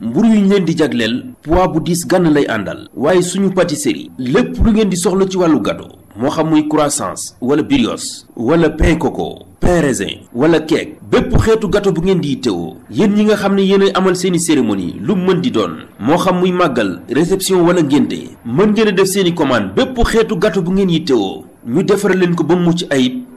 mburu yu ñu leen di jagleel poids bu diis gànn lay àndal waaye suñu pâtisserie lépp lu ngeen di soxla ci wàllu gâteau moo xam muy croissants wala brioche wala pain coco pain raisin wala cake bépp xeetu gato bu ngeen di teewoo yéen ñi nga xam ne yéen a amal seeni cérémonie lu mën di doon moo xam muy màggal réception wala ngénte mën ngeen a def seeni commande bépp xeetu gato bu ngeen yi teewoo ñu defar leen ko ba mu mucc ayib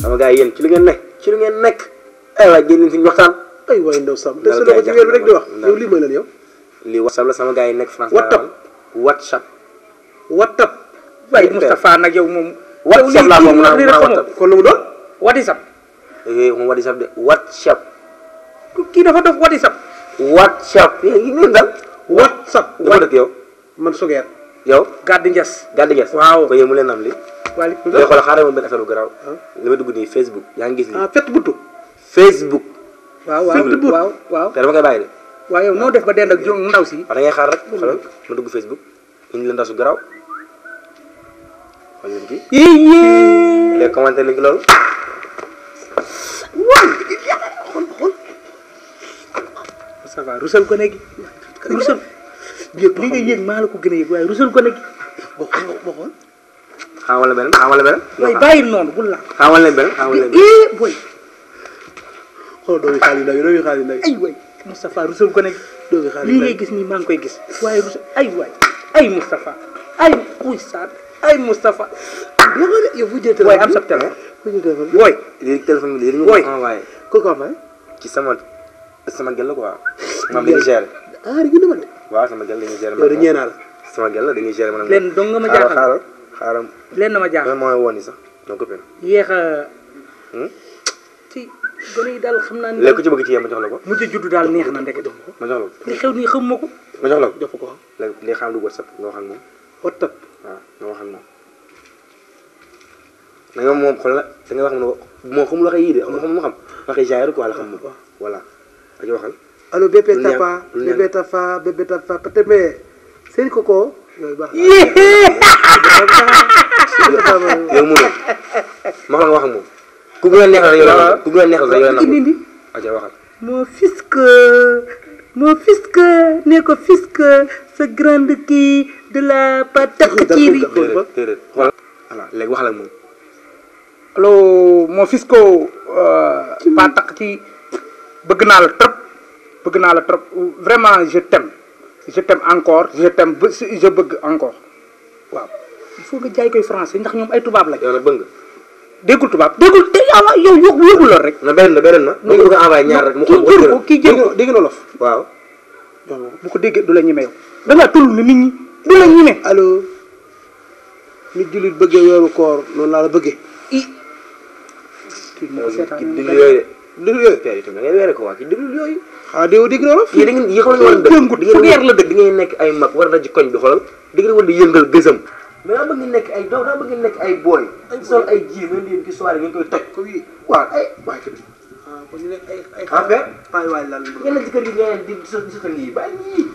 xam nga gars yi yéen ci li ngeen nekk ci li ngeen nekk ay waay génn leen fi ñu waxtaan ay waay ndaw Sam te su ko ci lii mooy lan la sama gars yi nekk France WhatsApp WhatsApp WhatsApp waaye Moustapha nag yow moom WhatsApp ko mën a WhatsApp kon lu mu doon WhatsApp eh, moom kii dafa dof WhatsApp WhatsApp eh, yi ngeen dal WhatsApp dama dëkk yow man sugeer yow gàddi nges gàddi nges waaw ko mu leen am li waaleykum salaam xool xaaral ma benn affaire bu garaaw. li ah. ma dugg nii Facebook. yaa ngi gis nii ah fett buttu. Facebook. waaw waaw fett buttu te dama koy waaw yow noo def ba dend ak jom ndaw si. waaw da ngay xaar rek xoolal ma Facebook. indi la ndaw su garaaw. loolu. waaw xool rusal ko nekk rusal. yëg li nga yëg ko gën a yëg waaye rusal ko nekk xaawal la beneen xaawal la beneen. ay waay Moustapha rusul ko nekk. doomi xaalis lii ngay gis nii maa ngi koy gis waaye rusul ay waay ay Moustapha ay xuy saat ay Moustapha. yow bu jëlee téléphone am sa téléphone. bu jëlee téléphone booy. léegi téléphone ko envoyé. sama gel la quoi. moom ah, sama gel dañuy gérer. yow dañuy sama gel la dañuy gérer maanaam. leen dong nga ma jaaxal xaaral leen dama jaaxal mooy woon ni sax ñoo ko benn. yéex a. Hmm? ci gone yi daal xam naa ne. léegi ku ci bëgg ci ko. mu juddu daal neex na ndeke jox ma ko. ma jox la ko li xew nii xamuma ko. ma jox la ko jox ko waaw. léegi xam lu whatsapp nga wax ak nga wax ak moom. da nga moom xool la da mu ne ko moo xamul waxee yii de moo xamul xam waxee genre quoi la xam moom voilà. ak waxal. allo bébé Tafa bébé Tafa bébé Tafa Pateme. seen koko. yow mu ne ma xam wax ak moom ku gën a neexal yow la ku gën a neexal yow la na aja waxal mon fils que mon fils que ne ko fils que sa grande kii de la patak ciiri voilà léegi waxal ak moom allo mon fils que euh, patak ci bëgg naa la trop bëgg naa la trop vraiment je t'aime je t'aime encore je t'aime je bëgg encore waaw il faut nga jaay koy français ndax ñoom ay tubaab lañ. yow nag bëgg nga. déggul tubaab déggul te yàlla yow yóbbu lool rek. na benn na benn na. mu ngi ñaar rek mu xam ko jël ko kii ko dégg na du la ñeme yow. da ngaa tull ni nit ñi du la ñeme. allo. nit jullit bëggee weeru laa la bëggee. i. kii mu ko seetaan kii déglu yooyu de. déglu yooyu. itam da ngay da ngeen yéexoon war la dëgg. da ngeen nekk ay mag war na ci koñ bi xoolal. dégg nga wala yëngal gësam mais nekk ay doo daa nekk ay booy. ay sol ay ji nga leen di soirée ngeen ko yii waaw ay ah, ay ay. Ah, la. di sa sa lii bàyyi yii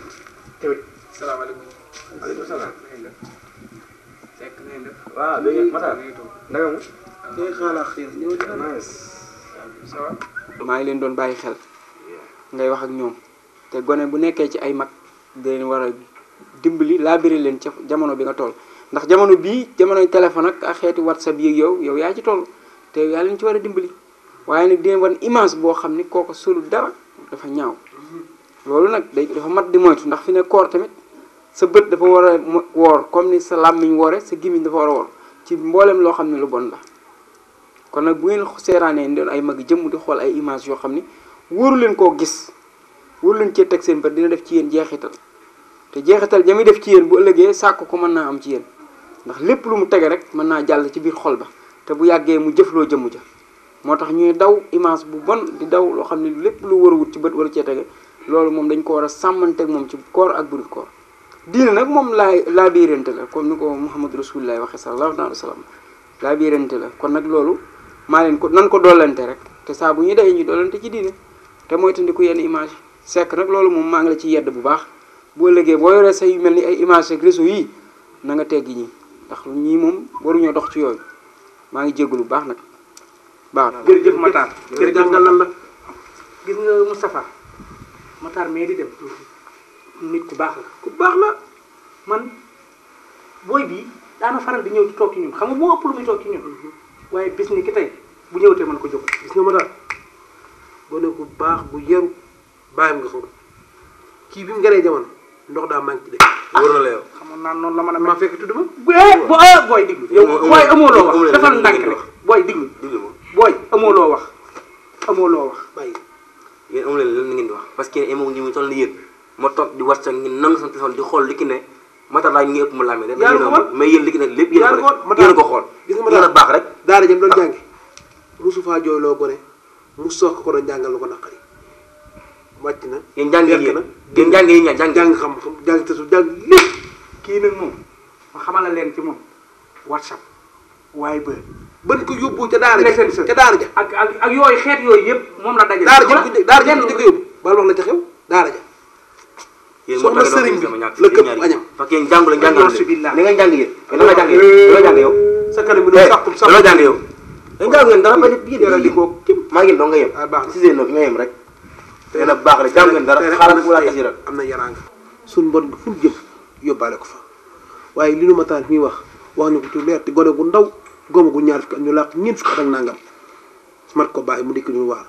tamit. salaamaaleykum. maaleykum salaam. fekk nañ la. waaw léegi Matar naka mu. maa ngi leen doon bàyyi xel. ngay wax ak ñoom. te gone bu nekkee ci ay mag. dinañ war a laa laabiri leen ci jamono bi nga tool ndax jamono bii jamonoy téléphone ak ak xeeti whatsapp yi yow yow yaa ci toll te yaa leen ci war a dimbali waaye nag dina wan image boo xam ni kooku solu dara dafa ñaaw loolu nag day dafa mat di moytu ndax fi ne koor tamit sa bët dafa war a woor comme ni sa làmmiñ woore sa gémmiñ dafa war a woor ci mbooleem loo xam ne lu bon la kon nag bu ngeen seeraanee doon ay mag jëmm di xool ay image yoo xam ni wóoru leen koo gis wóoru leen cee teg seen bët dina def ci yéen jeexital te jeexital jami def ci yéen bu ëllëgee sàkk ko mën naa am ci yéen ndax lépp lu mu tege rek mën naa jàll ci biir xol ba te bu yàggee mu jëfloo jëmu ja moo tax ñuy daw image bu bon di daw loo xam ne lépp lu war a wut ci bët war cee tege loolu dañ ko war a sàmmanteeg moom ci koor ak budul koor diine nag moom laay laa biirante la comme ni ko Muhammad Rasulullah waxee sallallahu alayhi wa sallam laa biirante la kon nag loolu maa leen ko nan ko doolante rek te saa bu ñuy dee ñu doolante ci diine te moytandiku yenn image sekk nag loolu moom maa ngi la ci yedd bu baax boo légee boo yoree say yu mel ni ay image ak réseau yii nanga teg teggi ñi ndax ñii moom waruñoo dox ci yooyu maa ngi jégalu bu baax na baax jërëjëf Matar jërëjëf dalal la. gis nga Moustapha Matar mais di dem ku baax la. ku baax la man booy bii daana faral di ñëw ci toog ci ñun xam boo ëpp lu muy toog ci ñun. Mhm. waaye bis ni ki tey bu ñëwtee mën ko jóg. gis nga Matar gone bu baax bu yaru bàyyam nga ko kii bi mu gënee jamono ndox daa manqué de ah. wóor la man naan noonu la ma la ma fekk tudd ma eh, eh, booy booy diglu yow booy amoo loo wax defal ndànk rek booy diglu booy amoo loo wax amoo loo wax bàyyi yéen amu leen lan ngeen di wax parce que émo ngi mu toll ni yéen ma toog di wàcc ngeen nangu sama téléphone di xool li ki ne matar laa ñu ngi ëpp mu laamee rek mais yéen li ki ne lépp yéen yéen ko xool gis nga ma a baax rek daara jëm doon ah. jàngi musu faa jooy loo gone mu soog ko doon jàngal lu ko naqari wàcc na yéen jàng yéen jàng yi ñaan jàng jàng xam xam jàng tasu jàng lépp kii nag moom ma xamal la leen ci moom whatsapp waaye ba ban ko yóbbu ca daara ja ca daara ja ak ak ak yooyu xeet yooyu yëpp moom la daje daara ja daara ja ko yóbbu bal wax la ca xew daara ja soxna sëriñ bi la këpp añam parce que yéen jàngu la jàngal ni nga jàng yéen da nga jàng yéen da nga jàng yow sa kanam bi da saxum saxum da nga jàng yow da nga jàng ngeen dara ba yéen di ko maa ngi doo nga yem si seen nag nga yem rek te na baax la jàng ngeen dara xaaral mu laa gis rek am na yaranga suñ bon fu jëm yóbbaale ko fa waaye li nu ma mi wax wax na ko ci leer te gone gu ndaw góoma gu ñaar fukki at ñu làq ñeent fukki at mat ko bàyyi mu dikk ñu waar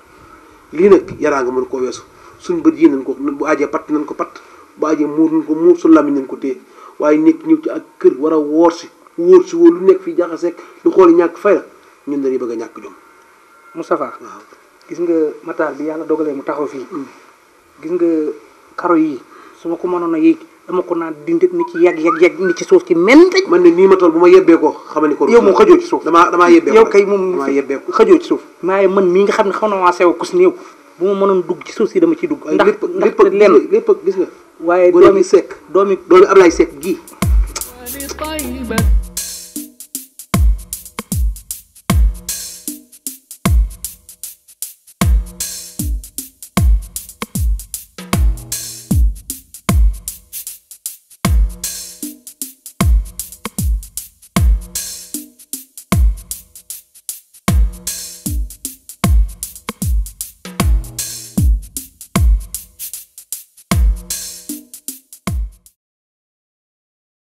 lii nag yaraa nga mën koo weesu suñ bët yi nañ ko bu ajee patt nañ ko patt bu ajee muur nañ ko muur su làmmiñ nañ ko téye waaye nekk ñëw ci ak kër war a woor si wóor si wóor lu nekk fii jaxaseeg lu xooli ñàkk fay la ñun dañuy bëgg a ñàkk jom Moustapha waaw gis nga mataar bi yàlla dogalee mu taxaw fii mm. gis nga karo yi su ko mënoon a dama ko naan dindi ni ci yàgg yàgg yàgg ni ci suuf ci men tëj man ne nii ma toll bu ma yebbee ko xamal ni ko yow moom xajoo ci suuf damaa damaa yebbee yow kay moom xajoo ci suuf maaye man mii nga xam ne xaw na waa sew kus néew bu ma mënoon dugg ci suuf si dama ci dugg ndax lépp lenn lépp gis nga waaye doomi sekk doomi doomi Ablaye Seck gii